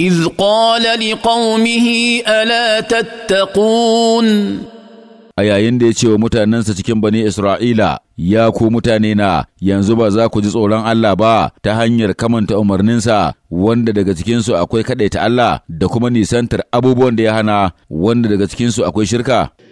إذ قال لقومه ألا تتقون a yayin da ya ce wa mutanensa cikin bani Isra'ila, Ya ku mutanena, yanzu ba za ku ji tsoron Allah ba ta hanyar kamanta umarninsa, wanda daga cikinsu akwai kaɗaita Allah da kuma nisantar abubuwan da ya hana, wanda daga cikinsu akwai shirka.